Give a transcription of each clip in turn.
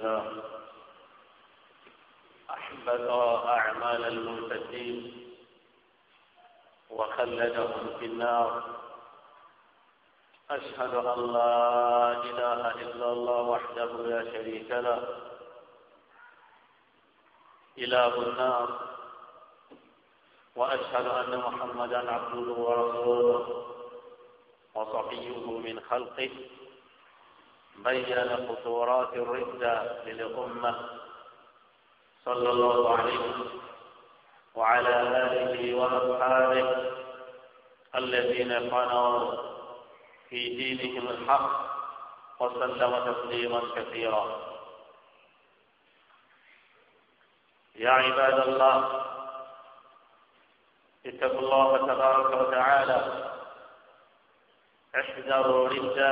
الله أحبط أعمال المرتدين وخلدهم في النار أشهد أن لا إله إلا الله وحده لا شريك له إله النار وأشهد أن محمدا عبده ورسوله وصفيه من خلقه بين قصورات الردة للأمة صلى الله عليه وعلى آله وأصحابه الذين قنوا في دينهم الحق وسلم تسليما كثيرا يا عباد الله اتقوا الله تبارك وتعالى احذروا رده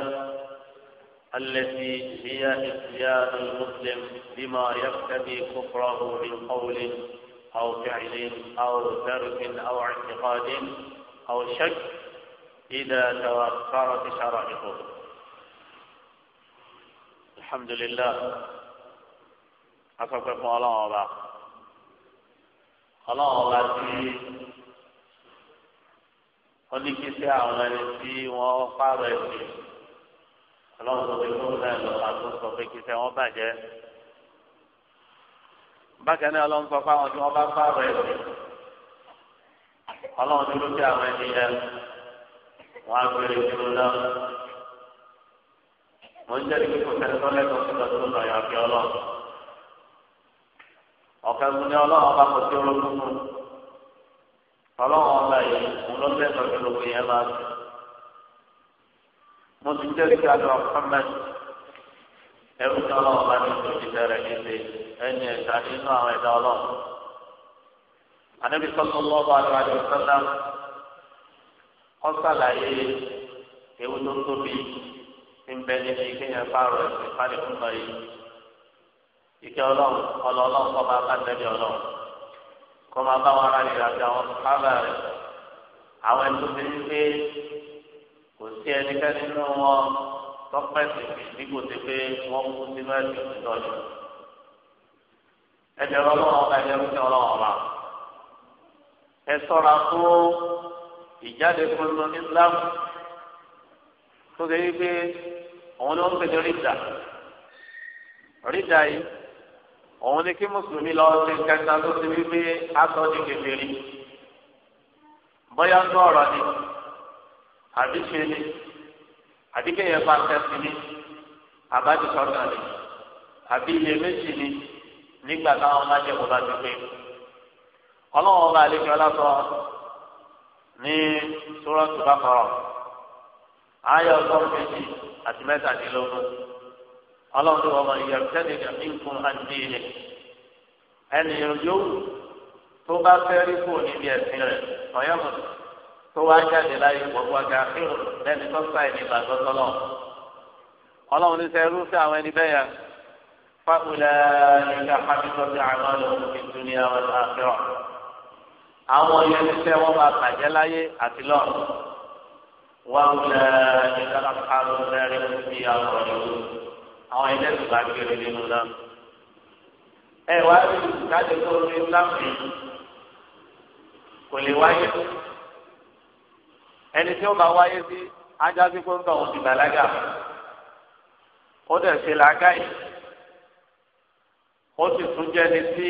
التي هي إتيان المسلم بما يقتضي كفره من قول أو فعل أو ترك أو اعتقاد أو شك إذا توفرت شرائطه الحمد لله أصبح الله أبا الله أبا wọ́n سعى kí sí àwọn ẹni tí ọlọ́run sọ pé kóun náà lọ àti sọ pé kí sẹ́ wọ́n bàjẹ́. bákan náà ọlọ́run sọ pé àwọn tí wọ́n bá pààrọ̀ ẹ̀sìn ọlọ́run dúró sí àwọn ẹni yẹn wọ́n á gbére dúró náà. mo ń jẹ́rìí pé kò sẹ́ni tọ́lẹ̀ tó ti lọ sí ọ̀nà ìyàgbé ọlọ́run. ọ̀kẹ́ mu ni ọlọ́run bá kò sí orogún mu ọlọ́run ọba yìí òun ló fẹ́ sọ mo ti jẹ́ ìgbà lọ Muhammad ẹrú tí ọlọ́run bá ní ìlú ìdílé rẹ̀ níbi ẹni ẹ̀ka nínú àwọn ẹ̀dá ọlọ́run. ànábi sọ́kùn lọ́wọ́ àlùfáàdì ọ̀sánná ọ̀sàlàyé ewu tó tóbi ń bẹ níbi kéèyàn fáwọn ẹ̀sìn ìpàdékùn lọ yìí. ìkẹ́ ọlọ́run ọlọ́run kọ́ máa bá tẹ̀lé ọlọ́run kọ́ máa bá wọn ara rẹ̀ kò sí ẹnikẹ́ni nínú wọn tọ́pẹ́ sí bí kò ti pé wọ́n kú sínú ẹ̀sìn òtítọ́ ni. ẹ jẹ́ ọlọ́wọ́ ọba ẹ jẹ́ ọlọ́wọ́ ọlọ́wọ́ ọba. ẹ sọ́ra fún ìjáde kúrò ní Islam tó ṣe wípé òun ni wọ́n ń pè ní rídà. rídà yìí òun ni kí mùsùlùmí lọ sí kẹta tó ṣe wípé aṣọ ti kékeré bóyá ń tọ́ ọ̀rọ̀ ni. àbí ṣe ni àbí kéèyàn bá ni àbájúsọ́gà ni àbí iye méjì ni nígbà táwọn máa jẹ́ kóbá ti pé ọlọ́run ọba àlejò ọlọ́sọ ní sọ́rọ́tù bá kọ̀rọ̀ ayé méjì àti ọmọ ìyẹn tẹ́lẹ̀ ní nǹkan àdéhìí ẹnìyàn yòówù tó bá fẹ́ rí níbi ẹ̀sìn rẹ̀ ọ̀yọ́mọ̀tò. tó wá jáde láyé gbogbo àga fíìmù lẹ́ni tó sáì ní ìgbàgbọ́ tọ́lọ̀ ọlọ́run ní sẹ́ rúfẹ́ àwọn ẹni bẹ́ẹ̀ yẹn fáwọlẹ́ nígbà pàtó ti àwọn ọlọ́run fi dún ní àwọn àfihàn àwọn yẹn ní sẹ́ wọ́n máa bàjẹ́ láyé àti lọ́ọ̀ wàhùnà nígbà pàtó lẹ́rìn fi àwọn ọlọ́run àwọn ẹni tó bá kéré nínú náà ẹ wá rí ìdájọ́ tó ní láàmì kò lè wáyé ẹni tí ó bá wáyé sí ajá sí pé ń bá òun ti bàlágà ó dẹ̀ ṣe làákàyè ó sì tún jẹ́ni tí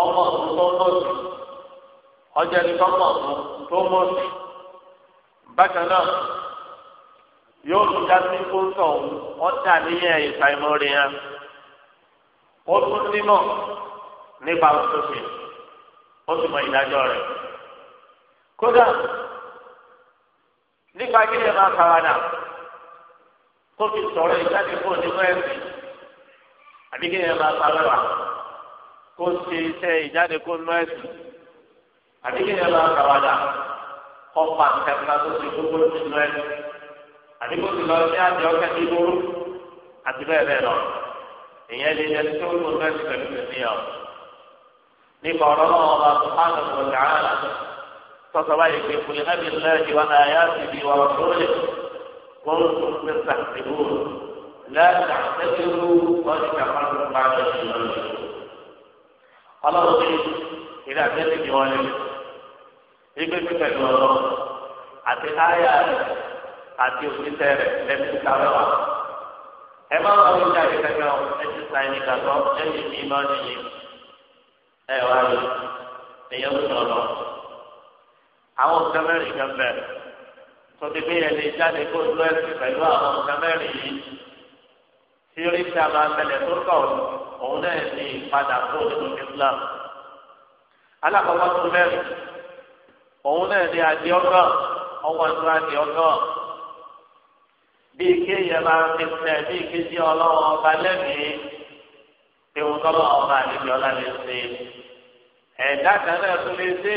ọmọ ọ̀tún tó lòsì ọjẹ́ni tó mọ̀ ọ̀tún tó mọ̀sì bákan náà yóò tún já sí pé ń bá òun ọ̀dà níyẹn ìfàìmọ̀ rẹ̀ hàn ó tún nímọ̀ nípa òṣèlú ó sì mọ ìdájọ́ rẹ̀ kódà nípa kí lè máa faradà kó fi sọ̀rọ̀ ìjáde kó nínú ẹ̀sìn àbí kí lè máa faradà kó ṣe iṣẹ́ ìjáde kó nínú ẹ̀sìn àbí kí lè máa faradà kó pa nǹkan tó ṣe gbogbo nínú ẹ̀sìn àbí kó ti lọ sí àjẹ ọ̀kẹ́ ní lóru àti bẹ́ẹ̀ bẹ́ẹ̀ lọ èèyàn lè yẹ tó nínú ẹ̀sìn pẹ̀lú ìpínlẹ̀ ọ̀ nípa ọ̀rọ̀ náà wọn bá tó sọsọ báyìí pé kùlì hàbí lẹ́yìn wọn àyà ti di wọn lórí wọn tó ń pè sàkébù lẹ́yìn sàkébù wọn ti kàfà tó bá a lọ sí lọ́wọ́. ọlọ́run ní ìdá tẹ́lẹ̀ ní wọn lé igbe pípẹ́ ní ọlọ́ àti àyà àti òṣìṣẹ́ rẹ̀ lẹ́nu kárọ̀ wa. ẹ má wà lórí àyè kẹkẹ ọ ẹ ti sa ẹni kàtọ́ ẹ ti fi iná nìyí ẹ wá lọ èèyàn ń sọ̀rọ̀ àwọn nǹkan mẹ́rin kan bẹ̀rẹ̀ tọ́tí pé yẹn lè jáde kó lọ ẹ̀sìn pẹ̀lú àwọn nǹkan mẹ́rin yìí tí orí ti àmà mẹ́lẹ̀ tó kọ̀ òun náà ní ìpadà tó nínú Islam alákọ̀ọ́kọ́ tó mẹ́rin òun náà ní adiọ́gọ́ ọwọ́ tó adiọ́gọ́ bíi kéèyàn máa fi tẹ̀ bíi kéjì ọlọ́wọ́ ọba lẹ́mìí ewu tọ́lọ́ ọba àdébíọ́lá lè ṣe ẹ̀dá kan náà tó lè ṣe.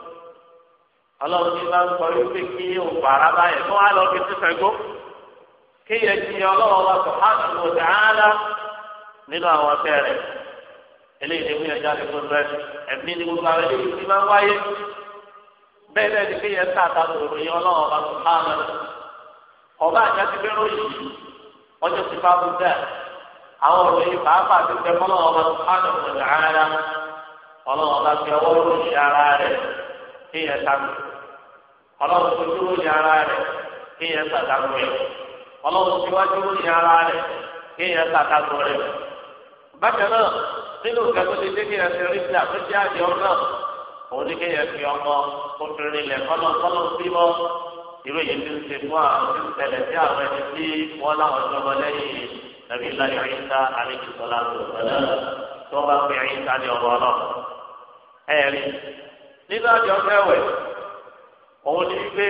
ọlọ́run ti máa ń sọ yóò fi kí òbára báyẹn tó wá lọ fi ti fẹ́gbó kí yẹn ti yẹ ọlọ́run wa sọ hàn ló dáadáa nínú àwọn fẹ́rẹ̀ eléyìí ni wíyànjú àti gbogbo ẹ̀mí ni gbogbo àwọn eléyìí ti máa ń wáyé bẹ́ẹ̀ bẹ́ẹ̀ ni kí yẹn ń tàta tòrò ọlọ́run wa sọ hàn lọ ọba àjá ti bẹ́rù yìí wọ́n ti ti gbogbo ẹ̀ àwọn ọ̀rọ̀ yìí pàápàá ti tẹ fọlọ́wọ́ bá sọ hàn lọ dáadáa ọlọ́run ọlọ́run tó dúró ní ara rẹ̀ kéèyàn sàkàtò rẹ̀ ọlọ́run tó wá dúró ní ara rẹ̀ kéèyàn sàkàtò rẹ̀. bákan náà nínú nǹkan tó ti dé kéèyàn ti rí sí àtúntí àjẹ ọ̀nà òun ní kéèyàn fi ọmọ obìnrin lẹ̀ kọ́lọ̀ kọ́lọ̀ sí mọ́ irú èyí ti ń ṣe fún àwọn tí àwọn ẹni tí wọ́n láwọn jọmọ lẹ́yìn nàbí láyé ayíṣá àríkìsọ́lá lọ́sọ̀lá tó bá pè ayíṣá ní ọ̀rọ̀ òun ní pé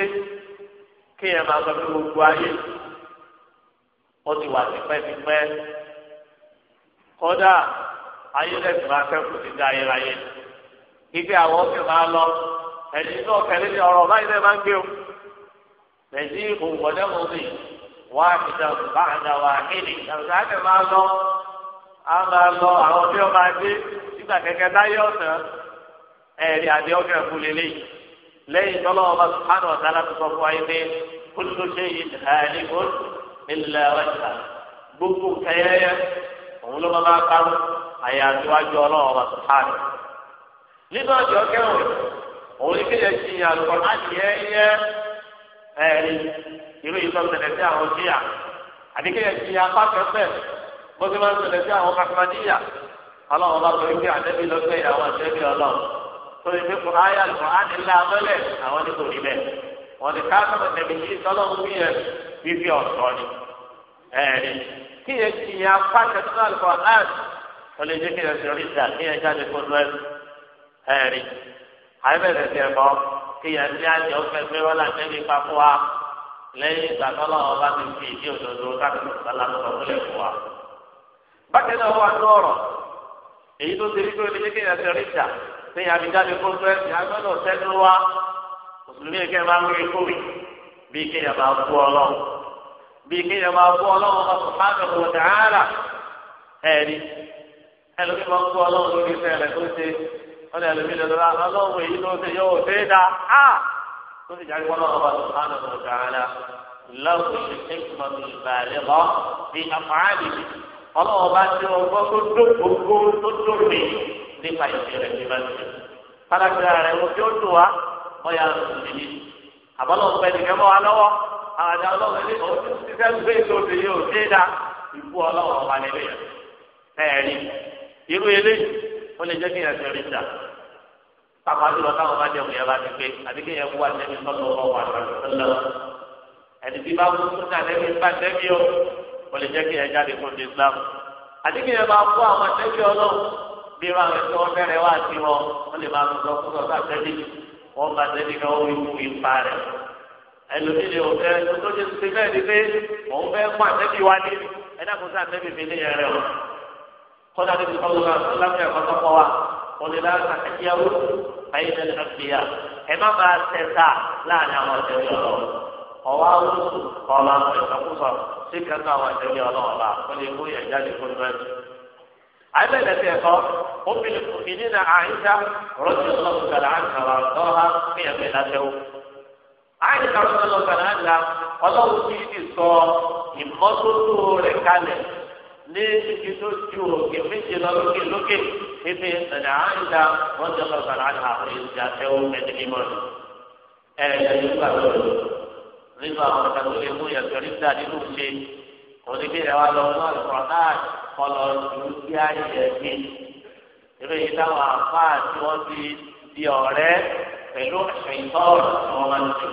kéèyàn máa sọ pé gbogbo ayé ó ti wà tipẹ́tipẹ́ kódà ayé lẹ́sìn máa fẹ́kù sí ní ayérayé ibi àwọn ọ̀sẹ̀ máa lọ ẹ̀sìn náà kẹ́lẹ́ ní ọ̀rọ̀ báyìí lẹ́ẹ̀ máa ń o lẹ́sìn òwòlẹ́ wá àtijọ́ bá àdá kéde ìjàmbá àti máa lọ a máa lọ àwọn tí ma máa dé nígbà kẹ́kẹ́ táyé ọ̀sán ẹ̀rí àdé ọ̀kẹ́ lẹ́yìn tọ́lọ́ ọba sùpánù ọ̀tá láti sọ fún ayé pé kúlù ṣe yìí hàní kó ilẹ̀ ọjà gbogbo kẹyẹyẹ òun ló máa bá parọ́ àyà àtiwájú ọlọ́wọ́ ọba sùpánù. nínú ọjọ́ kẹwọ̀n òun ní kéde ṣì yàn lọ́kọ́ láti yẹ yẹ ẹ̀rí irú ìtọ́sẹ̀lẹ̀ sí àwọn jíyà àti kéde ṣì yàn apá bó ti máa ń sí àwọn kàkàmàdíyà ọlọ́wọ́ ọba sọ tó yẹ kó ayé lọ ánilá mẹlẹ àwọn ní kò rí bẹ́ẹ̀ wọn ni káàkiri tẹmí yìí tọ́lọ́ ń wí yẹn fífi ọ̀sọ́ ni ẹ̀ẹ́dì kí yẹn ti yẹn apá kẹtọ́ àlùkò àn ó lè jẹ́ kí yẹn sọ̀rọ̀ ìjà kí yẹn jáde kó lọ ẹ̀ẹ́dì àyẹ̀bẹ̀rẹ̀ tiẹ̀ bọ́ kí yẹn ti àjẹ́ ọ̀fẹ́ gbé wọn láti ẹni pa fún wa lẹ́yìn ìgbà tọ́lọ́ ọba ti fi ìdí òdodo káàkiri tọ́lá bákẹ́ náà wà pé àbíjáde kókó ẹ̀sìn agbọ́dọ̀ sẹ́nu wa mùsùlùmí kẹ́ máa ń wí kówì bí kéèyàn máa bú ọlọ́run bí kéèyàn máa bú ọlọ́run ọmọ sùpáàkì kò dáhàrà ẹ̀rí ẹlòmí máa ń bú ọlọ́run lórí iṣẹ́ rẹ̀ tó ṣe wọ́n ẹlòmí lọ́dọ̀ ọlọ́run èyí ló ṣe yóò ṣe é dá a tó ti jáde wọ́n lọ́wọ́ ṣe ẹ̀kúnmọ́tò bá ti ọgbọ́n tó dó nípa ìṣe rẹ̀ bí wọ́n ti. Fárákìlá rẹ̀ wo tí ó dùn wá, wọ́n yà lọ sí i. Àbọ̀lọ̀ ń pẹ́ nìkan mọ́ wa lọ́wọ́. Àwọn àjà ọlọ́run ní òun ti fẹ́ gbé ìtòsí yìí ò dé dá. Ìbú ọlọ́run ọba nílé yẹn. Ẹ̀rí irú ilé ó lè jẹ́ kí ẹ̀sẹ̀ rí jà. Pàpà jùlọ táwọn bá jẹun yẹn bá ti pé àbí kí ẹ̀kú wa tẹ́lẹ̀ sọ́dọ̀ ọ̀wọ̀ àtàkùn ẹni tí Islam àti kí ẹ bá fún àwọn tẹ́lẹ̀ bí irú àwọn tí wọ́n fẹ́rẹ̀ wá sí wọn lè máa sọ fún ọ̀gá tẹ́lẹ̀ wọ́n bá tẹ́lẹ̀ kan ó ikú ipa rẹ̀ ẹlòmíì ni òun fẹ́ tó ṣe ti bẹ́ẹ̀ ni pé òun fẹ́ kó àtẹ́bí wá ní ẹ̀dá sáà tẹ́bí mi ní ẹ̀rẹ̀ o kọ́dà tó ti kọ́ lóra lábẹ́ ẹ̀kọ́ tó kọ́ wa òlìlà àkàkíyàwó ayélujára àgbéyà ẹ má bàa tẹ̀sà láàrin àwọn ọ̀tẹ̀lẹ̀ ọlọ́run ọ̀wá ọlọ́run ọ̀la ìṣàkóso sí kankan àwọn ọ̀tẹ̀lẹ̀ ọlọ́run عملت يقال أم المؤمنين عائشة رضي الله تعالى عنها وأرضاها في عملته عائشة رضي الله تعالى عنها ọlọ́run ti ti sọ ìmọ́tótó rẹ̀ kalẹ̀ ní ibi tó ju òkè méje lọ lókè lókè ibi ẹ̀dá àìdá wọ́n ti lọ sọ̀rọ̀ àti àwọn ìjà tẹ ó mẹ́tẹ́ mímọ́ ni. ẹ ẹ nígbà tó lò nígbà wọn kàtó lè mú yàtọ̀ nígbà nínú ṣe òní bí ẹ wá lọ mú àlùkò náà kọlọ ju sí ayẹyẹ mi eré yìí táwọn àfáà tí wọ́n ti di ọ̀rẹ́ pẹ̀lú ẹ̀ṣẹ̀ ìtọ́ọ̀rù tí wọ́n máa ń tẹ̀.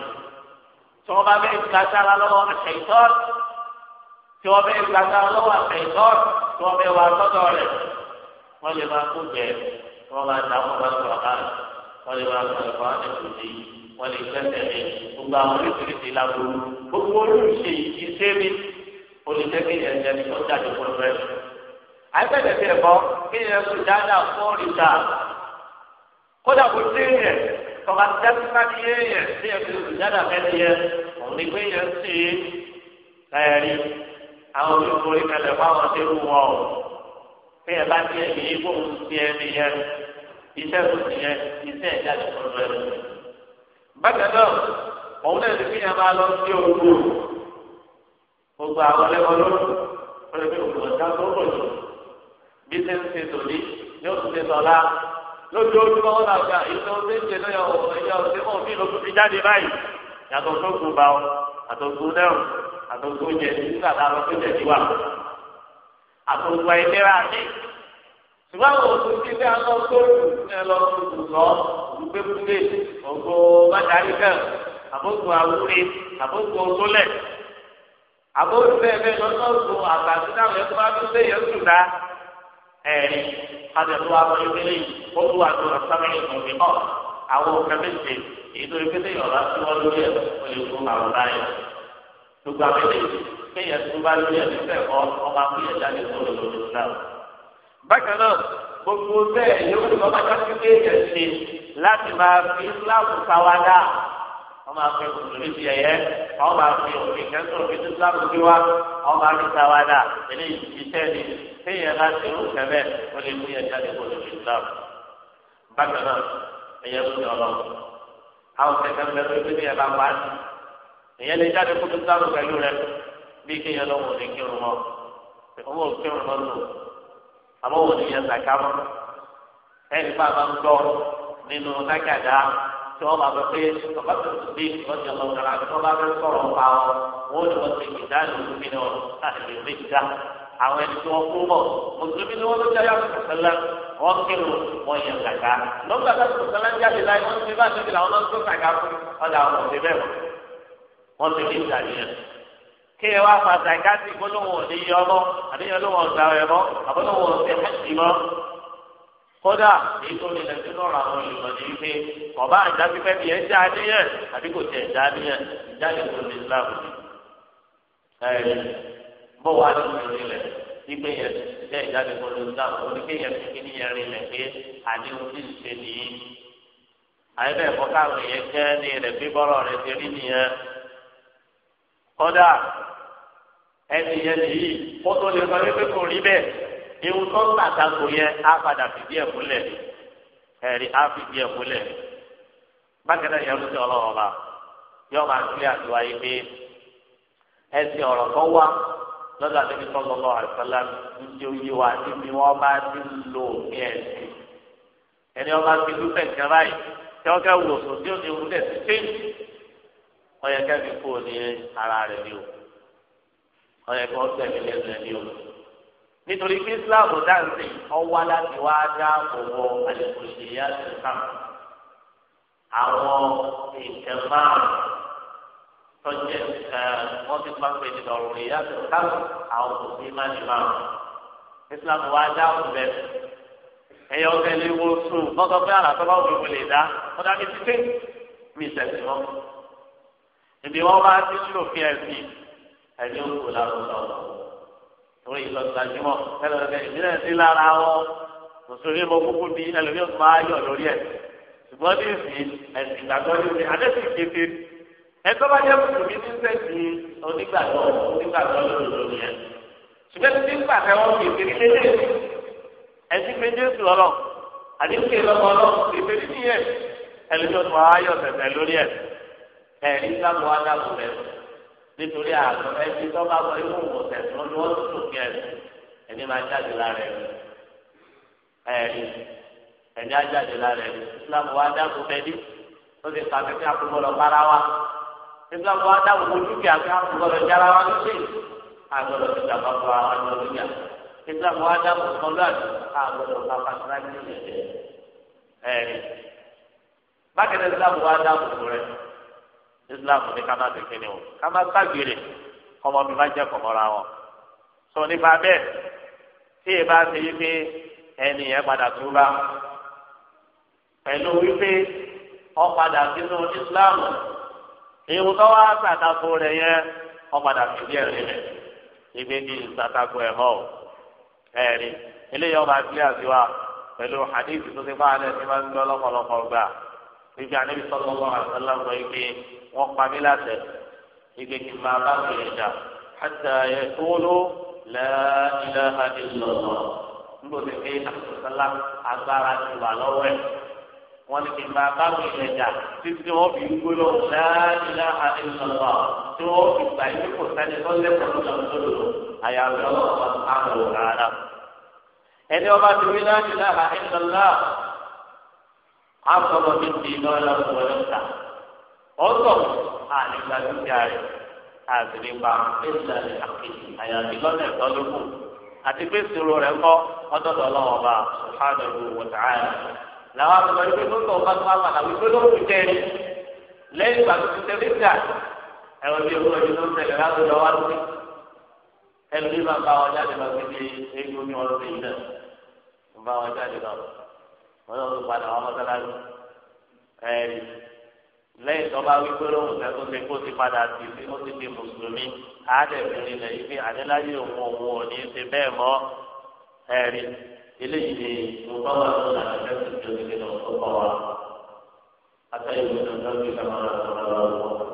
tí wọ́n bá bẹ́ẹ̀ gbàgbára lọ́wọ́ ẹ̀ṣẹ̀ ìtọ́ọ̀rù tí wọ́n bẹ́ẹ̀ gbàgbára lọ́wọ́ ẹ̀ṣẹ̀ ìtọ́ọ̀rù tí wọ́n bẹ́ẹ̀ wà sọ́dọ̀ rẹ̀ wọ́n lè máa kó jẹ wọ́n máa dà wọ́n máa sọ̀rọ̀ hàn wọ́n lè máa sọ̀rọ̀ fún àwọn ẹ̀kọ́jì wọ́n lè gbẹ́sẹ̀ lé gbogbo àwọn oríṣiríṣi lágbo gbogbo olùṣe ìṣe mi olùṣègbè ẹ̀jẹ̀ ni wọ́n jáde fún ẹgbẹ́ rẹ̀ àìpẹ́tẹ̀ tẹ̀ bọ́ kí ni ẹ̀sùn dáadáa fún ìta kódà kò sí yẹn tọ́ka dẹ́kun káni yé yẹn tí ẹ̀sùn dáadáa fẹ́ẹ́ yẹ òun ni pé yẹn sì ẹ̀rí àwọn olùkórí kalẹ̀ fáwọn tó ń wọ̀ ọ́ pé ẹ̀ bá ti ẹ̀mí kó ń ti ẹ̀mí yẹn iṣẹ́ kò sí yẹn iṣẹ́ ẹ̀dá ti kọ̀ lọ́wọ́ bákan náà òun náà ti fi yẹn máa lọ sí ogun gbogbo àwọn ẹlẹ́wọ̀n lọ́dún wọ́n ti fi òkú bí ṣe ń ṣe tòní yóò tún ṣe tọ́lá lójoojúmọ́ wọn làgbà ìṣe oṣù ṣe lọ́yọ̀ ẹ̀yà oṣù kan bí lóṣù ti jáde báyìí yàtọ̀ tó kù bá ọ àtòkù lẹ́rù àtòkù jẹ nígbà tá a lọ sí jẹ tiwa àtòkù àìlera ní. ṣùgbọ́n àwọn oṣù tí ilé àwọn sóòlù ẹ lọ tuntun lọ gbẹgbẹ ògbó májàrí náà àbókù àwúre àbókù ọtọlẹ àbókù bẹ́ẹ̀ bẹ́ẹ̀ lọ́sọ̀ọ̀sọ̀ àgbàdo náà lẹ́kọ́ bá tún lé yẹn sùn náà ẹ̀rí adẹ̀tú abọ́yọ́kẹ́lẹ́ yìí ó tún wà tó àtàmìlì ọ̀gbìn náà àwọn kẹ́mẹ́tì ètò ìpínlẹ̀ yọ̀ọ̀lá tí wọ́n lórí ẹ̀ ọ̀lẹ́ fún àwọn láyé gbogbo abẹ́lẹ́ kéèyàn tó bá lórí ẹ̀ fẹ́ ọ ọmọ akúyẹ̀ jáde tó lọ lórí náà. bákan náà gbogbo bẹ́ẹ̀ yóò tó ọmọ akásí kéèyàn ṣe láti máa fi Islam sáwádà ọmọ akẹ́ òṣèlú ti ẹ̀yẹ ọmọ akẹ́ òṣèlú kẹ́sọ̀ fi Islam gbé ọmọ akẹ́ sáwádà eléyìí iṣẹ́ ni téèyàn bá ti rú kẹfẹ ó lè mú yẹn jáde kó lórí islam bákan náà ẹyẹ ló yọ lọ àwọn kẹfẹ ń bẹ tó ibi yẹn bá wá sí ẹyẹ lè jáde kó lórí islam pẹ̀lú rẹ bí kéèyàn lọ wò ní kírun mọ owó kírun mọ lò àmọ́ wò ní yẹn zàká mọ ẹnì bá bá ń gbọ́ nínú nákàdá tí wọn bá bẹ pé bàbá tó ti bí wọn ti lọ àti wọn bá fẹ́ sọ̀rọ̀ pa wọn wọn ò ní wọn ti gbìdá lórí mi náà láti lè rí àwọn ẹni tí wọn kú bọ mùsùlùmí ni wọn ló jáde àtúntò sẹlẹ wọn kírun wọn yẹ kàkà lọgbà àtúntò sẹlẹ ń jáde láì wọn ti bá tóbi làwọn náà ń tó kàkà fún ọdà àwọn òbí bẹ́ẹ̀ wọn ti ní ìdàrí yẹn kí ẹ wá fa sàkásì gbólóhùn òní yọ ọmọ àbíyàn olóhùn ọ̀dà ẹ̀mọ́ àbólóhùn ọ̀sẹ̀ ẹ̀sìn mọ́ kódà èyí tó lè lẹ́sìn náà àwọn olùkọ́ ní wípé ọba àjábí fẹ́ fi ẹ̀ àbí kò tẹ̀ já níyẹn ìjáde tó lè láàbù bó wàá ní ìròyìn rẹ̀ wípé yẹn bẹ́ẹ̀ jáde kó ló ń dá oníké yẹn fi kí níyẹn rí rẹ̀ pé àdéhùn ti ń ṣe nìyí. bẹ́ẹ̀ káwọn kẹ́ rẹ̀ bọ́rọ̀ rẹ̀ ti rí nìyẹn. ẹni yẹn nìyí tó lè sọ kò rí bẹ́ẹ̀ tó ń á padà fìdí ẹ̀ múlẹ̀ ẹ̀rí á fìdí ẹ̀ múlẹ̀ yẹn ló ti ọlọ́wọ́ bá lọ́dọ̀ àti ẹnìkan lọ́lọ́ àìsàlá ní oyè wa níbi wọ́n bá ti lò ní ẹ̀sìn ẹni ọba ti lù fẹ̀kẹ́ báyìí tí wọ́n kẹ́ wò sùn tí ó ní wúlẹ̀ sí pé wọ́n yẹ kẹ́mi kú ní ara rẹ̀ ni o wọ́n yẹ kọ́ sẹ́mi lẹ́nu ẹ̀ ni o nítorí pé Islam dáǹsì ọwọ́ láti wá dá òwò àlẹ́kùnrin yá sí sáà àwọn ìtẹ̀máà tọ́jẹ́ wọ́n ti pa pé ìdọ̀rùn ìyàtọ̀ káàkó àwọn òbí máa ní máa Islam wa dá ọ̀bẹ ẹ̀yẹ ọ̀bẹ lè wo sùn lọ́sọ pé àlàtọ́ bá òbí wọlé dá wọ́n dá mi títí mi ìṣẹ̀sìn wọn. ìdí wọn bá ti ṣòfin ẹ̀sìn ẹ̀yìn òkú làwọn ọ̀dọ́ torí ìlọsàjúmọ̀ ẹlẹ́dẹ̀ ìbílẹ̀ sí lára wọn mùsùlùmí mo kúkú di ẹlòmíọ̀ máa yọ̀ lórí ẹ̀ ṣùgbọ́n ní ìsìn ìgbàgbọ́ ẹtọ́ bá jẹ́ mùsùlùmí ní sẹ́ẹ̀sì onígbàgbọ́ onígbàgbọ́ lòdòdò yẹn ṣùgbọ́n tí ń pàṣẹ wọn kì í fi kéde ẹtí méjèèjì lọ́rọ̀ àdínkè lọ́kọ́ lọ́kọ́ kì í fi níyẹn ẹlẹ́jọ́ tó ayọ̀ tẹ̀tẹ̀ lórí ẹ̀ ẹ̀rí sábọ̀ adágún rẹ̀ nítorí àgbọ̀ ẹtí tó bá wọ inú wò tẹ̀sán ni wọ́n tún kí ẹ̀ ẹni máa jáde lára ẹ̀ ẹ̀rí ẹni á jáde lára ẹ̀ sábọ̀ adágún rẹ̀ ní ó ti pàṣẹ kí akúmọ̀ lọ bára wa nígbà wo adáwò wo dúkìá bí wọn gbọ́dọ̀ jára wa lóṣè àgbọ́dọ̀ ti dàgbà fún ara wọn lóṣìyà nígbà wo adáwò kan lóàdì àgbọ́dọ̀ bàbá tíráìtì yẹn ẹ bákẹ́lẹ́ nígbà wo adáwò rẹ islam ní ká má ti kíni o ká má ságbére ọmọ mi má jẹ kọmọra wọn sọ nípa bẹ́ẹ̀ tí ì bá ti yí pé ẹni yẹn padà tó bá pẹ̀lú wípé ọ padà sínú islam irun tó wá sàtàkó rẹ̀ yẹn wọ́n padà fi díẹ̀ rí rẹ̀ ibi ní sàtàkó ẹ̀ hàn ẹ̀rí eléyìí ọba abúlé àtiwá pẹ̀lú hadith tó ti bá alẹ́ tí wọ́n ń gbọ́ lọ́pọ̀lọpọ̀ gbà níbi àníbi sọ́kọ́ wọn àtàlá ń gbọ́ ike wọ́n pa mí láṣẹ ike kí n máa bá wọlé jà hàtà ẹ̀ kúló lẹ́ẹ̀ẹ́dẹ́gbẹ̀rún nígbà tó ti fi agbára ti wà lọ́wọ́ ẹ̀ wọn ní kí n bá báwo ilẹ̀ jà títí wọn fi gbóló láàdínlá àdínsọ̀tọ̀ tí wọn fi gbà yín kò sẹ́ni tó lẹ́kọ̀ọ́ lọ́dọ̀ lọ́dọ̀ àyàwó ọlọ́wọ́ àrò rárá. ẹni ọba ti wí láàdínlá àdínsọ̀tọ̀ àkọ́bọ̀ ní ti iná ọlọ́wọ́ ọlọ́ta ọ̀tọ̀ àlìgbà dúkìá rẹ̀ àgbèrègbà ẹ̀sìn àkejì àyàwó ìlọ́nà ẹ̀tọ́ lókù àti pé ìṣòro rẹ̀ kọ́ ọdọ́dọ̀ làwọn àgbàgbà yìí pé tó tọ̀ bá tó wà padà wípé ló kù jẹ́rì lẹ́yìn ìgbà tó ti tẹ fíjà ẹ̀rọ bí owó ẹni tó ń tẹ̀lé láti lọ wá lórí ẹni bí máa bá wọn jáde lọ sí ti egbò ní ọdún yìí náà ń wọn jáde lọ wọn lọ sí padà wọn mọ́sálásí ẹ̀ẹ́dì lẹ́yìn tó bá wí pé lóhùn tẹ́ tó ṣe kó ti padà sí sí ó ti di mùsùlùmí àádẹ́gbẹ̀rin lẹ́yìn bí adéláyé òun òun ò ní ṣe eléyìí ni mo bá wà lọ́nà àtẹ́sí tó ti lọ sọ́kọ̀ wa. Atẹ́yẹ̀wò náà lọ́jọ́ ìgbà máa ń sọ̀rọ̀ lọ́wọ́.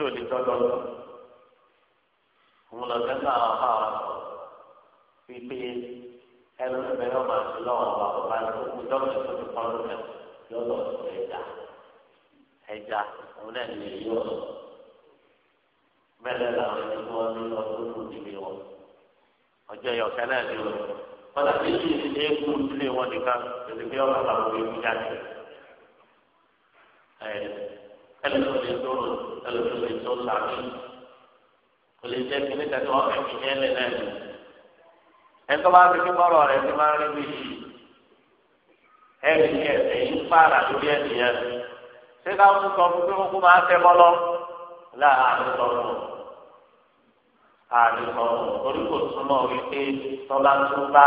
lọ́dọ̀ ní tọ́lọ́lọ́ òun lọ́dọ̀ náà ẹnu máa lọ́wọ́ tó kú dọ́kítà tó ti pọ́n lọ́dọ̀ lọ́dọ̀ ẹja ẹja òun náà lè yọ bẹ́ẹ̀ làwọn ẹni wọ́n ní ọdún tó wọn ọjọ́ ẹlòmíràn lè tóró ẹlòmíràn lè tó sàmì kò lè jẹ́ kí níta tí wọ́n fẹ́ fi yẹn lẹ̀ náà ni. ẹ̀tọ́ bá fi kí bọ́rọ̀ rẹ̀ ti máa ń rí bí yìí ẹ̀rí yẹn èyí fara lórí ẹ̀rí yẹn. ṣé ká mú sọ fún pé kókó máa ń bọ́lọ́ láàánú sọ̀rọ̀ àdìsọ̀rọ̀ orí kò túmọ̀ wípé tọ́lá túbá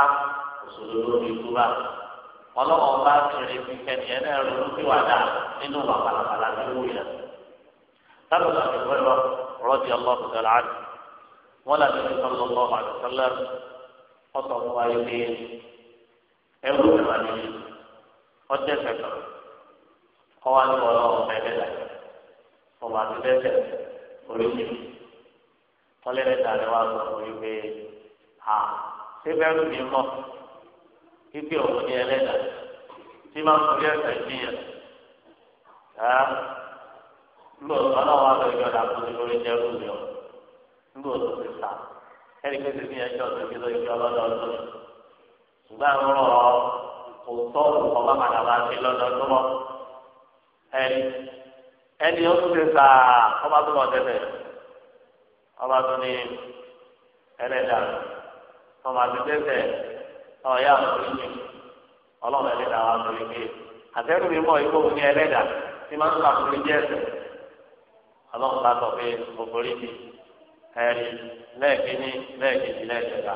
òṣèlú lórí túbá ọlọ́wọ́ bá tẹ̀lé fi kẹ́ni ẹ̀ náà ronú sí wàdà nínú wà pàlàpàlà ní wù yẹn. sábà bá ti gbọ́ lọ rọ́ọ̀dì ọlọ́ọ̀dù tẹ̀lé àdì wọ́n làbí ní sọ́lọ́ lọ́wọ́ àdùsọ́lẹ́ ọ̀sọ̀ fún wa yìí ẹ wù mí wá níbi ọjọ́ ìfẹ̀tọ̀ ọwọ́ àti ọlọ́wọ́ bẹ̀rẹ̀ dà ọmọ àti bẹ́ẹ̀ orí mi ọlẹ́rẹ̀dà rẹ̀ wá sọ pípé ọ̀rọ̀ ní ẹlẹ́dàá tí máa ń sọrí ẹ̀sẹ̀ ìdíyàn á lọ ọlọ́wọ́ àlọ́ ìjọba àkóso lórí jẹ́rú mi ọ̀ nígbà tó ti sà ẹni pé ti fi ẹjọ́ tó fi lórí ọlọ́dọọdún ṣùgbọ́n àwọn ọ̀rọ̀ kò tọ́ ọba padà bá fi lọ́dọọdún mọ́ ẹni ẹni ó tún ti sà ọba tó lọ tẹ́tẹ́ ọba tó ní ẹlẹ́dàá ọba tó tẹ́tẹ́. ọ̀yà òyìnbó ọlọ́run ẹlẹ́dàá wa lórí pé àtẹ́rù mi mọ̀ ikú ní ẹlẹ́dàá tí máa ń pa àkúrí jẹ́ ẹ̀sẹ̀ ọlọ́run bá sọ pé òkúrí mi ẹ̀rí lẹ́ẹ̀kíní lẹ́ẹ̀kejì lẹ́ẹ̀kẹta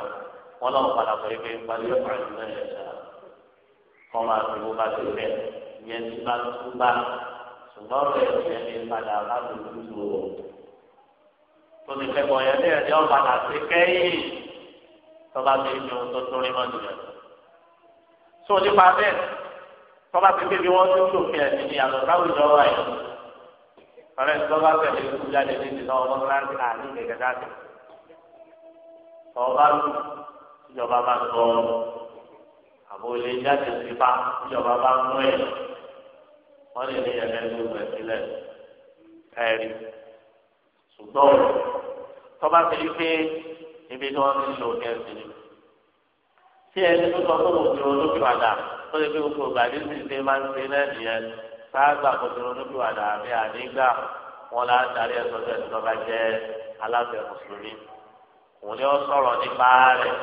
wọn padà pé kọ́ máa bá ti ti bá bá ṣùgbọ́n tọ́ba tó ń jẹun tó tó rí mọ́ jùlọ. tó nípa bẹ́ẹ̀ tọ́ba tó kébi wọ́n tó sòfin ẹ̀sìn ní àlọ́ táwọn ìjọ wà yìí. ọ̀rẹ́ tọ́ba tẹ̀lé ikú jáde ní ìdílé ọmọ kíláàsì àní ìgbẹ̀gẹ̀ jáde. tọ́ba lù ìjọba bá tọ́ ọ àbólé jáde sípa ìjọba bá mú ẹ̀ wọ́n lè ní ẹ̀rẹ́ lóògùn ẹ̀sílẹ̀ ẹ̀rí ṣùgbọ́n tọ́ba tẹ̀lé pé ibi tí wọ́n ti lò kẹ́sì ni. tí ẹni tó sọ fún òkè olókìwàdà ó lè fi gbogbo ìgbàdí sì ṣe máa ń ṣe náà nìyẹn sáàgbà òkè olókìwàdà àbí àdígbà wọn là ń darí ẹ̀sọ́ tó ẹ̀sọ́ bá jẹ́ aláfẹ́ mùsùlùmí. òun ni ó sọ̀rọ̀ nípa rẹ̀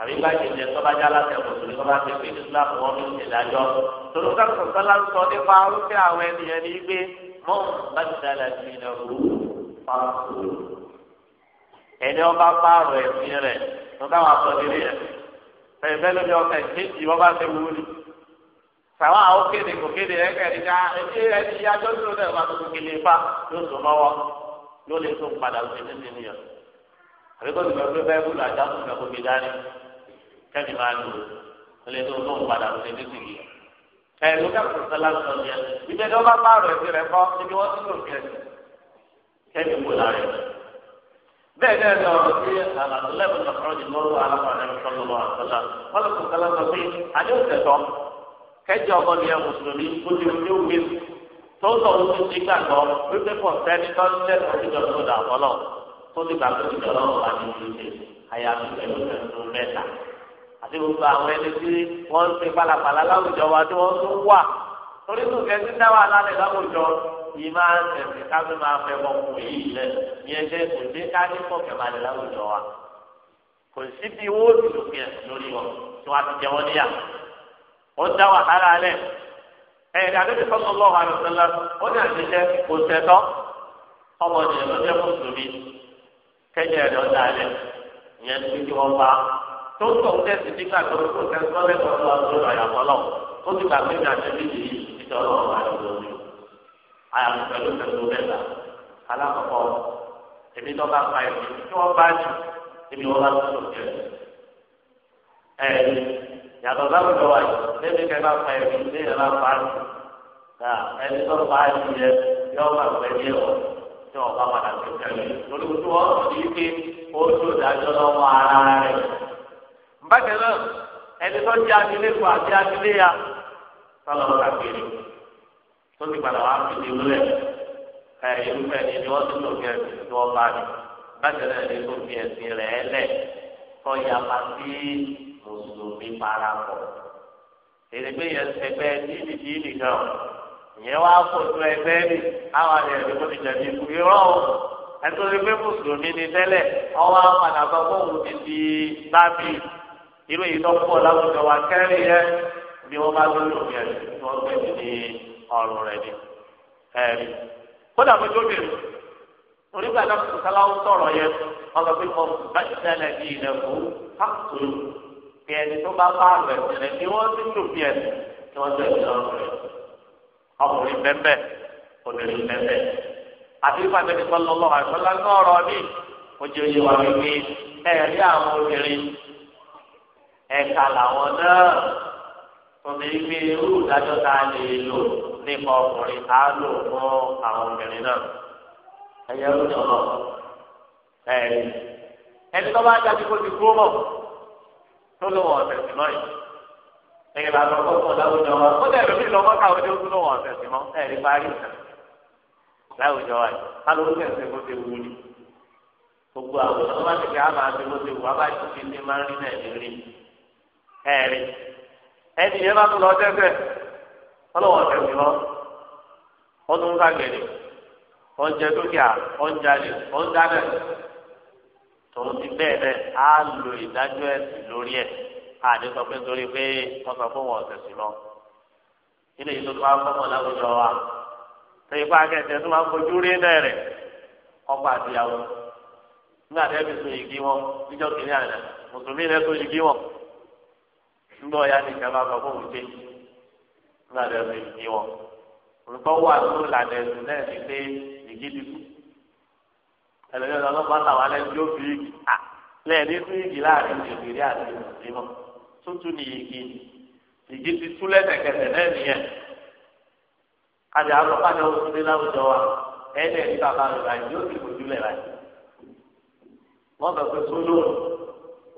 àbí báyìí ní ẹ̀sọ́ bá jẹ́ aláfẹ́ mùsùlùmí tó bá ti pè ní islam wọn ní ìdájọ́. tòló sọ̀tọ̀ láńsọ nípa arúgbó àwọn ènìyàn ní gbé mọ́ ẹni ọba pààrọ̀ ẹ̀mí rẹ̀ wọn káwọn asọ̀délé yẹn fẹ̀yìn fẹ́ lómi ọkọ̀ ìkejì wọn bá ṣe wúlò sàwọn àwọn kéde kò kéde ẹ̀kẹ́ ẹ̀dí ká ẹ̀dí ẹ̀dí yájọ́ dúró náà wọn tó kéde fa yóò sọ lọ́wọ́ yóò lè tó padà lóṣè níbi nìyẹn àbíkó ti gbàgbé bẹ́ẹ̀ bú làjà tó gbàgbó mi dání kẹ́mi máa lò ó lè tó tó padà lóṣè níbi nìyẹn ẹ̀ ló kẹ́kọ̀ọ́ sọ́lá sọ yẹn ìgbẹ́ni ọba pààrọ̀ ẹ̀sìn rẹ̀ kọ́ níbi wọ́n ti lò kẹ́mi kẹ́mi wò lára bẹ́ẹ̀ bẹ́ẹ̀ lọ sí àlàtúlẹ́bù lọ́kọ́rọ́ di lọ́rùn alákọ̀ọ́dẹ́ sọ́dọ̀ lọ́wọ́ àtọ́lá wọ́n lọ sọ̀tọ́ lọ́sọ pé àdéhùn tẹ̀tọ́ kẹjọ ọmọ ni ẹ mùsùlùmí ó ti ní òwe tó ń sọ̀rọ̀ tó ti gbàgbọ́ wípé pọ̀ sẹ́ni tó ń tẹ̀sán sí ìjọba tó dà fọlọ́ tó ti gbàgbọ́ sí ìjọba wọn wà ní ìlú ṣe àyàfi pẹ̀lú ẹ̀sùn mẹ́ta àti gbogbo àwọn ẹni tí wọ́n ń ṣe pálapàla láwùjọ wa tí wọ́n tún wà torí tó kẹ́sí dáwà lálẹ́ láwùjọ yìí máa ń tẹ̀sí káfí máa fẹ́ ọkùnrin yìí lẹ yẹn ṣe kò dé káfí kọ̀kẹ́ balẹ̀ láwùjọ wa kò sí bí wọ́n ti lò pé ẹ̀sìn lórí wọn tí wọ́n ti jẹ wọ́n níyà ó dá wàhálà alẹ́ ẹ̀yìn àdébí sọ́kọ̀ lọ́wọ́ àlùsọ́lá ó ní àṣìṣe kò tẹ̀tọ́ ọmọ ènìyàn ló jẹ́ mùsùlùmí kẹ́yìn ẹ̀dọ́ dá alẹ́ ìyẹn ti fi wọn bá tó ń tọ̀ ń tẹ̀sí nígbà tó ń tẹ̀sí mọ́lẹ́kọ̀ọ́ tó ń tọ́ àyàfọ́ lọ ó ti gbà pé ní àṣìṣe yìí ìtọ́lọ́wọ́ àlùsọ́lá àyàwó pẹ̀lú pẹ̀lú mẹ́ta alákọ̀ọ́kọ́ èmi tó bá pa èmi tí wọ́n bá jù èmi wọ́n bá tó jẹ ẹ yàtọ̀ sábàjọ wa yìí lẹ́mi kẹ́ bá pa èmi ní ẹ̀ bá pa jù ká ẹni tó pa jù yẹ yọ bá pẹ̀ ní tí wọ́n bá padà tó lórí ké tó dájọ́ ara rẹ̀ náà ẹni tó jẹ́ ya tó ti padà wàá fi ìwúlẹ̀ ẹ irúfẹ́ ni ni wọ́n ti lò kẹ́ ẹ̀ tó ọba rẹ̀ bákan náà ni kò fi ẹ̀sìn rẹ̀ ẹ́ lẹ̀ kọ́ ya pa sí mùsùlùmí parapọ̀ èrègbè yẹn ẹgbẹ́ níbi tí ì nìkan ìyẹn wàá fojú ẹgbẹ́ mi àwọn àti ẹ̀dínkù ti jẹ̀bi ikú irọ́ o ẹtọ́jú pé mùsùlùmí ni tẹ́lẹ̀ ọwọ́ àpàdà sọ fún òun ti di bábí irú èyí tó pọ̀ láwùjọ wa kẹ́rin yẹn bí wọ́n bá lóyún yẹn tó ń ní. Ọrụ rẹ̀ ni ẹ̀rí kódà mo jó bèrè onígbà náà kò sálá ń sọ̀rọ̀ yẹn ọ̀sọ̀ pé mo bá ti bí ilẹ̀ kú káàkiri kí ẹni tó bá bá rẹ̀ tẹ̀lé kí wọ́n ti lò bí ẹni kí wọ́n tẹ̀lé ọrùn rẹ̀ ọkùnrin bẹ́ẹ̀ obìnrin àti nípa ojú wípé àwọn obìnrin náà. tọ́lẹ̀ gbé irú ìdájọ́ tá a lè lò nípa ọkùnrin á lò fún àwọn obìnrin náà. ẹ̀yẹ ló dọ̀ lọ. ẹ̀rí ẹni tó bá dájú kó ti kúrò mọ̀ tó lò wọ̀n ọ̀sẹ̀ sí mọ́ yìí. ẹ̀yẹ bá lọ kọ́kọ́ láwùjọ wa ó dẹ̀ lórí lọ́mọ́ káwọn tó lò wọ̀n ọ̀sẹ̀ sí mọ́ ẹ̀rí parí ìtàn láwùjọ wa yìí ká ló ń tẹ̀sẹ̀ kó ti wú ni. gbogbo àwọn ọmọ ti kẹ́ ẹni yẹn bá tún lọ dẹ́sẹ̀ ọlọ́wọ́ ọ̀sẹ̀ mi lọ wọ́n tún ń dúkìá wọ́n jalè tòun ti bẹ́ẹ̀ bẹ́ẹ̀ á lo ìdájọ́ ẹ̀sìn lórí ẹ̀ sọ pé nítorí pé wọ́n sọ fún wọn ọ̀sẹ̀ sí lọ. ilé yìí tún fọ́mọ̀ wa ipá akẹ́kẹ́ tó máa ń fojú rí náà rẹ̀ ọkọ̀ àtìyàwó nígbà yìí kí níjọ́ kìnìún àná mùsùlùmí rẹ̀ yìí kí ńgbọ́ ya ní ìjọba kan fún òun ṣe nígbà tó ń bí wọn olùkọ́ wà lórí ìlànà ẹ̀sìn náà ní pé ìgídì kù ẹlẹ́yìn ọlọ́pàá làwọn alẹ́ ń jó fíìgì à lẹ́ẹ̀ni fíìgì láàrin ìgbèrè àti ìmọ̀ tuntun ní ìgì ìgì ti tú lẹ́sẹ̀kẹsẹ̀ náà nìyẹn àti àwọn ọlọ́pàá náà tún dé láwùjọ wa ẹ̀ẹ́dẹ̀ẹ́dì bàbá rẹ̀ láì yóò ti kò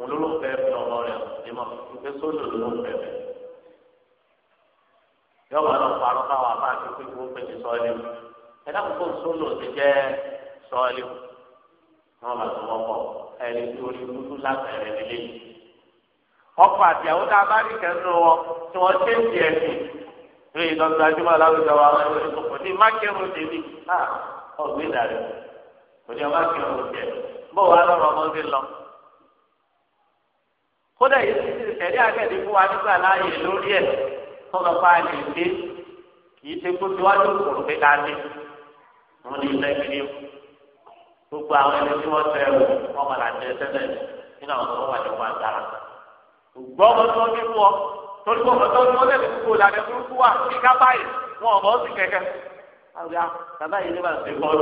olólùfẹ́ fẹ́ fi ọmọ rẹ̀ ìmọ̀ ìfẹ́ sódò olólùfẹ́ fẹ́. yọ̀wọ̀ náà parọ́ káwọn afá àti pé kó pèsè sọ́ọ́lì mu ẹ dákòókò sódò ti jẹ́ sọ́ọ́lì mu wọn bá tó wọ́pọ̀ ẹni tí orí dúdú látẹ̀rẹ̀ nílé. ọkọ̀ àtìyàwó tá a bá rí kẹ́ńtù wọn tí wọ́n ṣe ń di ẹ̀sìn ní ìdọ́gba ajúmọ̀ aláwùjọ wa ní mákẹ́rù tèmi ah, ọ̀gbìn dàrú kódà yìí ti tẹ̀lé àgbẹ̀dẹ fún wa nígbà láàyè lórí ẹ̀ tọ́lọ́ bá a lè dé kì í ṣe kó ti wájú òkòrò pé ká dé wọn ní ilé kiri gbogbo àwọn ẹni tí wọ́n tẹ̀ ọ́ wọn padà jẹ sẹ́lẹ̀ nínú àwọn tó wà ní wọn dára ṣùgbọ́n wọn tó ní wọ torí wọn tó ní wọn lè fi kó burúkú wa kí ká báyìí wọn ò bọ́ sí kẹ̀kẹ́ àwùjá bàbá yìí ní bàbá ìbọn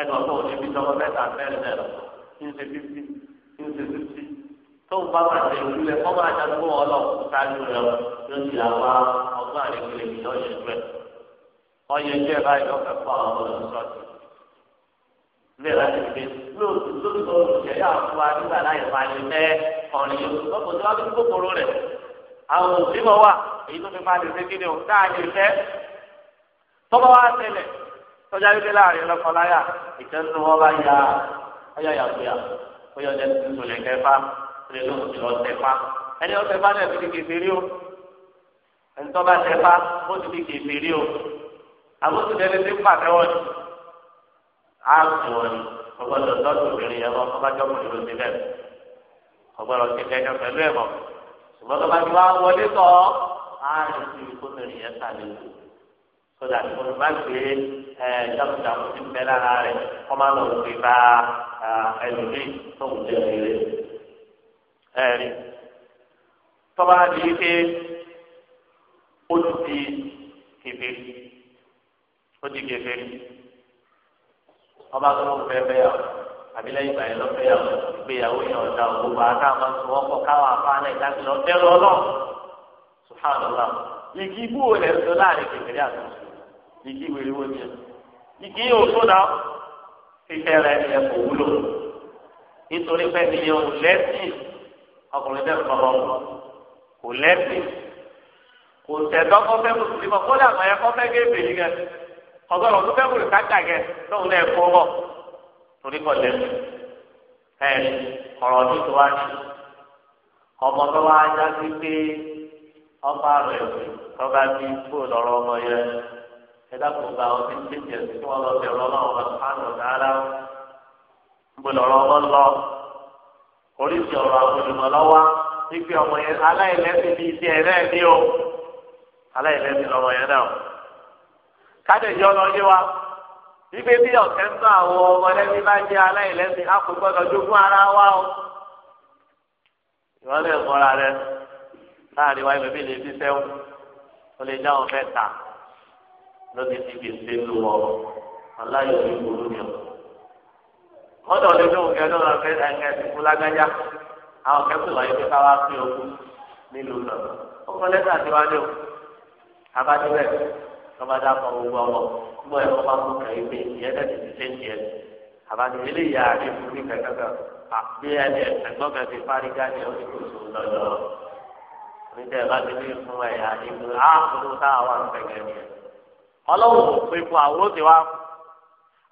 ẹnu ọ̀pọ̀ òní bí tọwọ́ mẹ́ta mẹ́rin tó bá wàá tẹ̀lé ìlú ẹ̀ kọ́ máa dàgbò ọlọ́ọ̀kú sáájú rẹ̀ yóò ti àwa ọgbọ́n àdékùnrin mi lọ́yẹ̀ rẹ̀ ọyẹ jẹ́ báyìí lọ́kẹ́ fún àwọn ọmọ ìṣọ́ọ̀tì ilé láti fi lóòtú lóòtú olùjẹ́ yà fún wa nígbà láyé ní ẹ ọ̀rìn yòókù lọ́kùn tí wọ́n fi kókòrò rẹ̀ àwọn òbí mọ̀ wà èyí tó fi máa lè ṣe kí ni o dáa lè fẹ́ tọ́gbọ́n wa tẹ̀lẹ̀ tọ́jà wípé láàrin lọ́kọ̀ lè ló ń ti ọ̀sẹ̀ pa ẹni ọ̀sẹ̀ pa náà ti di kèfèrí o ẹni tó bá tẹ̀ pa ó ti di kèfèrí o àbótú tẹ́lẹ̀ ti ń pàtẹ́wọ́ ni á kù wọn ni ọgbọ́dọ̀ tọ́jú obìnrin yẹn lọ kọ́ bá jọ́ kùn ló ti bẹ́ẹ̀ ọgbọ́dọ̀ ti kẹ́kẹ́ pẹ̀lú ẹ̀mọ́ ṣùgbọ́n tó bá ti wá wọlé tọ́ á lè fi kóbìnrin yẹn sàlẹ̀ wò sọdà tó o bá gbé ẹ jákèjádò tí bẹ lára rẹ kọ́ máa lọ gbé bá ẹlòmíì tó ń jẹ rere ẹ̀rí tọ́ba di ike ó ti kèfèrí ó ti kèfèrí ọba tó ń fẹ́ fẹ́ yà àbí lẹ́yìn ìgbà yẹn lọ fẹ́ yà ìgbéyàwó yẹn ọ̀dà òkúba káàmà sọ̀wọ́pọ̀ káwọn afáàlẹ̀ ìdájọ́ lọ bẹ́ẹ̀ lọ lọ subhanallah igi ibú rẹ̀ sọ láàrin kèfèrí àti igi wèrè wọ́n yẹn igi yóò tó dá fífẹ́ rẹ̀ ẹ̀ kò wúlò nítorí pé mi ò lẹ́sìn. ọkùnrin bẹ́ẹ̀ kọ́ kò lẹ́sìn kò tẹ̀dọ́ kọ́ fẹ́ mùsùlùmí kọ́ kódà kọ́ fẹ́ gé gẹ fẹ́ lóun náà kó torí kọ́ ẹ ọ̀rọ̀ ọdún tó wá ní ọmọ tó wá pé ọba rẹ̀ ọba bí kó ọmọ ẹ dákun gba ọtí tí ń lọ bẹ̀rù ọlọ́run oríṣi ọ̀rọ̀ àwọn olùmọ̀lọ́wọ́ wípé ọmọ yẹn aláìlẹ́sìn bíi ti ẹ̀ náà ní o aláìlẹ́sìn lọ́mọ yẹn náà. kádẹ̀jọ́ lọ yé wa wípé bí ọ̀kẹ́ ń bá àwọn ọmọlẹ́bí bá jẹ́ aláìlẹ́sìn á kò gbọ́dọ̀ jogún ara wa o. ìwọ́n lè mọ́ra rẹ láàrin wa ìbẹ̀bí lè fi sẹ́wọ̀n ó lè dáhùn mẹ́ta lóde ti gbèsè lù wọ́n aláyọ̀ ìgbòho wọ́n lọ lójú òun kẹ́lẹ́ ọ̀rọ̀ fẹ́ ẹ̀kẹ́ ìfún lágbájá àwọn kẹ́kọ̀ọ́ wáyé pé káwá fi ogun nílùú lọ. ó kọ́ lẹ́tà tí wá ní o abájú rẹ̀ lọ́ba dá kọ́ gbogbo ọmọ gbọ́ ẹ̀kọ́ bá mú kẹ́ ibi ìyẹn tẹ̀sí ti ṣe ń tiẹ̀. àbájú ilé ìyá rẹ̀ fún mi kẹ́kẹ́ àbí ẹni ẹ̀gbọ́n kan ti parí gáàdì ó ní kò tó lọ́jọ́ oníṣẹ́ bá ti rí fún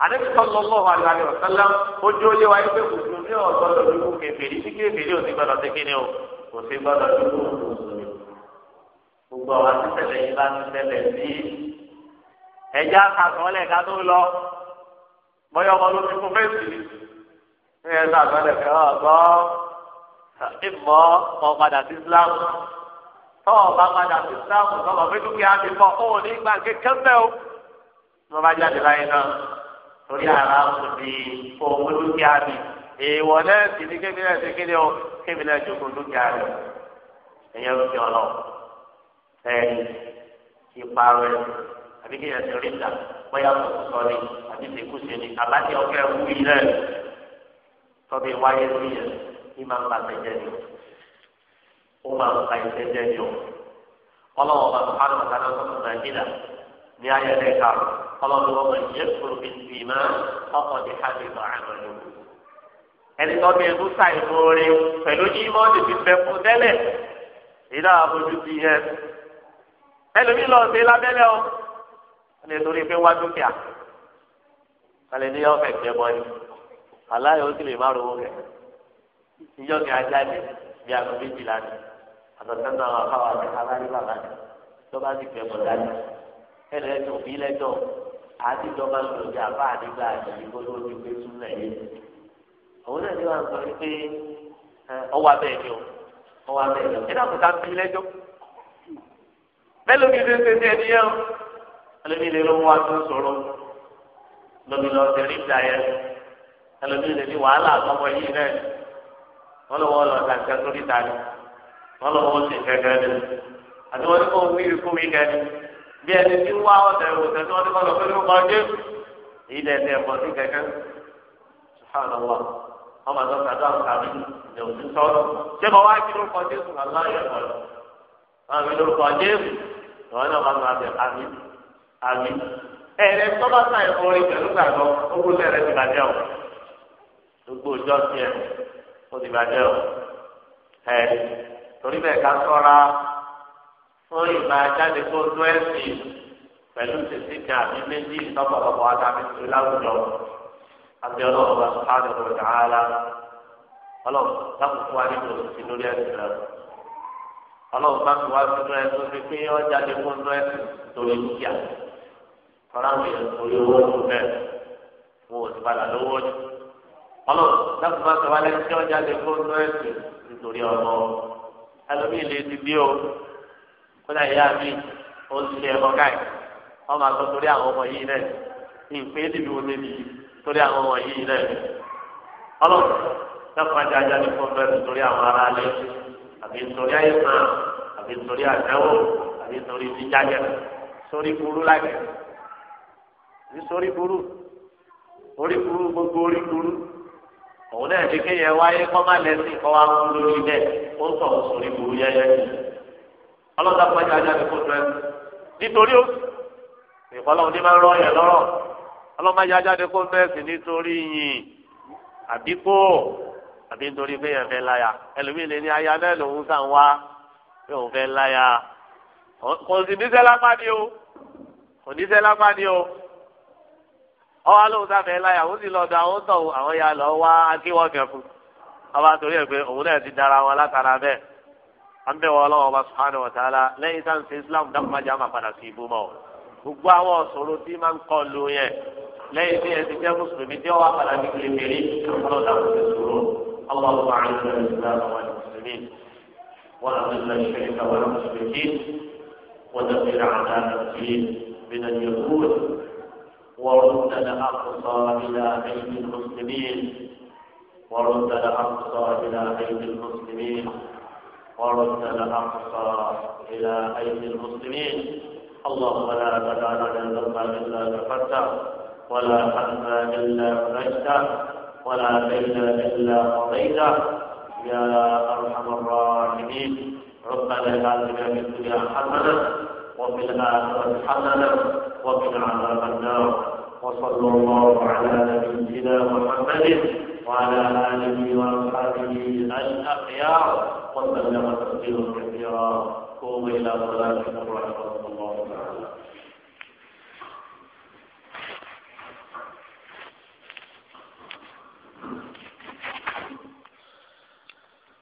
àdébí sọlọ lọwọ àlùfáàlì ọsẹlẹ ojú oyé wa ẹgbẹ kùtù ní ọgbọdọ dúkú kẹfìrí bí kẹfìrí ò sí gbọ́dọ̀ sí kíni o kò sí gbọ́dọ̀ dúkú gbogbo àwọn àtìsẹlẹ yìí bá ti ṣẹlẹ̀ sí ẹjẹ àkàtúnlẹ ká tó lọ bọyọ ọmọ ló fi kún fèsì ní ẹsẹ àgbẹlẹ fẹ ọgbọ ìmọ ọ padà sí Islam tọ ọ bá padà sí Islam tọ ọ bá fi dúkìá ti bọ ọ ní gbàgbé kẹfẹ o ní jáde láyé náà torí ara kò di owó dúkìá mi èèwọ̀ náà sì ní kébì náà ṣe kéde o kébì náà jókòó dúkìá rẹ̀ ẹ̀yẹ ló fi ọlọ́ ẹ̀ ìparọ̀ ẹ̀ àbí kéèyàn ti rí ìgbà bóyá kò sọ ni àbí tèkú sí ni àbájá ọkẹ́ wú yìí tọ́bi wáyé lórí yẹn ní máa ń ba tẹ̀jẹ̀ ni ó máa ń ba ìtẹ̀jẹ̀ ni o ọlọ́wọ́ bàbá àlọ́ àtàlọ́ sọ̀tún nàìjíríà ní ayẹlẹ ká ọlọ́dún wọn mọ̀ ìyẹn kúrò bí ti máa ọkọ̀ ní hàbíbọ̀ àmàlù. ẹni tó bí ẹkú sáì mọ́ọ́rí pẹ̀lú yímọ́ ní ti fẹ́ fún tẹ́lẹ̀ ìdá àbójú ti yẹ. ẹlòmí lọ sí lábẹ́lẹ̀ o lè torí pé wá dúkìá wọ́n ní yọ fẹ̀ jẹ́ bọ́ni aláyọ̀ ó sì lè má rówó kẹ̀. ìjọ kí ajá ni bí aago méjìlá ni àtọ̀tẹ́ náà wà fáwọn àti aláyọ̀ bàbá ni tó bá sì fẹ́ bọ̀ dání ẹlẹ́dọ̀ òbí lẹ́dọ̀ àtijọba lòdì àbá àdìgbà ìdìbò lórí pé túnlẹ̀ yìí òun náà ní wàá sọ pé ọwọ́ abẹ́ ni o ọwọ́ abẹ́ ni o ẹ náà kò tá bí lẹ́jọ́ mẹ́lòmí ló ń ṣe sí ẹni yẹn o ẹlòmí lè lọ́wọ́ wá tó sọ̀rọ̀ lọ́mí lọ́ọ́ tẹ̀lé ìgbà yẹn ẹlòmí lè ní wàhálà àtọ́mọ yìí náà wọ́n lọ́wọ́ lọ́ọ́ ta nǹkan sórí ta ni wọ́n lọ́wọ́ ṣe kẹ́kẹ́ ni àti wọ́n ní kó wí kó wí kẹ́ni bí ẹni tí wá ọ̀tẹ̀ ìwòsàn tí wọ́n ti kọ́ lọ pẹ̀lú ọkọ̀ ọjọ́ ilẹ̀ ẹ̀dẹ̀ ẹ̀bọ̀ sí kẹ̀kẹ́ subhanallah ọmọ àti ọ̀sán àdúrà sàmì ní òsì sọ́ọ̀rọ̀ ṣé mo wá kí lórúkọ jésù aláyọ̀ ọ̀rọ̀ wọn mi lórúkọ jésù ìwọ náà máa ń lọ àbẹ̀ àmì àmì ẹ̀rẹ́ tọ́ba sáyẹn orin pẹ̀lú gbàgbọ́ gbogbo lẹ́rẹ̀ ti bàjẹ́ o gbogbo ọjọ́ tiẹ̀ ó ti bàjẹ́ o ẹ̀ torí bẹ́ẹ̀ ká sọ́ra fún ìgbà jáde tó tó ẹ̀sìn pẹ̀lú títí kan àbí méjì lọ́pọ̀lọpọ̀ adámi tó láwùjọ àti ọlọ́run bá sùpáàdé ọ̀rọ̀ dàhálà ọlọ́run lákòókò wa nínú òsì lórí ẹ̀sìn rẹ̀ ọlọ́run bá fi wá sínú ẹ̀ tó fi pé ó jáde fún tó ẹ̀sìn torí dúkìá ọ̀rọ̀ àwọn èèyàn torí owó tó bẹ́ẹ̀ wọn ò sì padà lówó jù ọlọ́run lákòókò wa sọ wá kódà ìyá mi ó ti lé ẹ̀kọ́ káì wọ́n máa sọ torí àwọn ọmọ yìí náà ní ìpè níbi wo níbi torí àwọn ọmọ yìí náà ọlọ́run lọ́kàn jájá ní fún bẹ́ẹ̀ nítorí àwọn ará lé àbí nítorí àìsàn àbí nítorí àtẹ́wò àbí nítorí jíjájẹ sórí burú láti ní sórí burú orí burú gbogbo orí burú òun náà ti kéèyàn wáyé kọ́ má lẹ́sìn kọ́ wá kú lórí bẹ́ẹ̀ ó sọ̀rọ̀ sórí burú yẹ́yẹ́ yìí ọlọ́dà pàjá ajá mi kó tẹ́ nítorí ó ìfọlọ́hún ní máa ń rọyẹ̀ lọ́rọ̀ ọlọ́mọ ajá mi kó tẹ́ sí nítorí yìn àbí kó àbí nítorí pé yẹn fẹ́ láya ẹlòmíì lè ní aya náà lòun sàn wá pé òun fẹ́ láya kò sì níṣẹ́ lápá ni o kò níṣẹ́ lápá ni o ọwọ́ alóhùn sáfẹ́ láya ó sì lọ́dọ̀ àwọn tọ̀ àwọn ya lọ wá akéwọ́kẹ́ fún ọba torí ẹ̀ pé òun náà ti dára wọn látara bẹ́ẹ̀. أنت والله الله سبحانه وتعالى لا إنسان في الإسلام والمسلمين ولا ضد الشرك ولا مشركين عذاب الدين من اليهود وردنا أقصى إلى أيدي المسلمين وردنا أقصى إلى أيدي المسلمين ورد الأقصى إلى أيدي المسلمين اللهم لا تدع لنا ذنبا إلا غفرته ولا حزنا إلا فرجته ولا دينا إلا قضيته يا أرحم الراحمين ربنا آتنا في الدنيا حسنة وفي الآخرة حسنة وقنا عذاب النار وصلى الله على نبينا محمد وعلى آله وأصحابه الأخيار وسلم تسليما كثيرا قوموا إلى صلاتكم رحمكم الله تعالى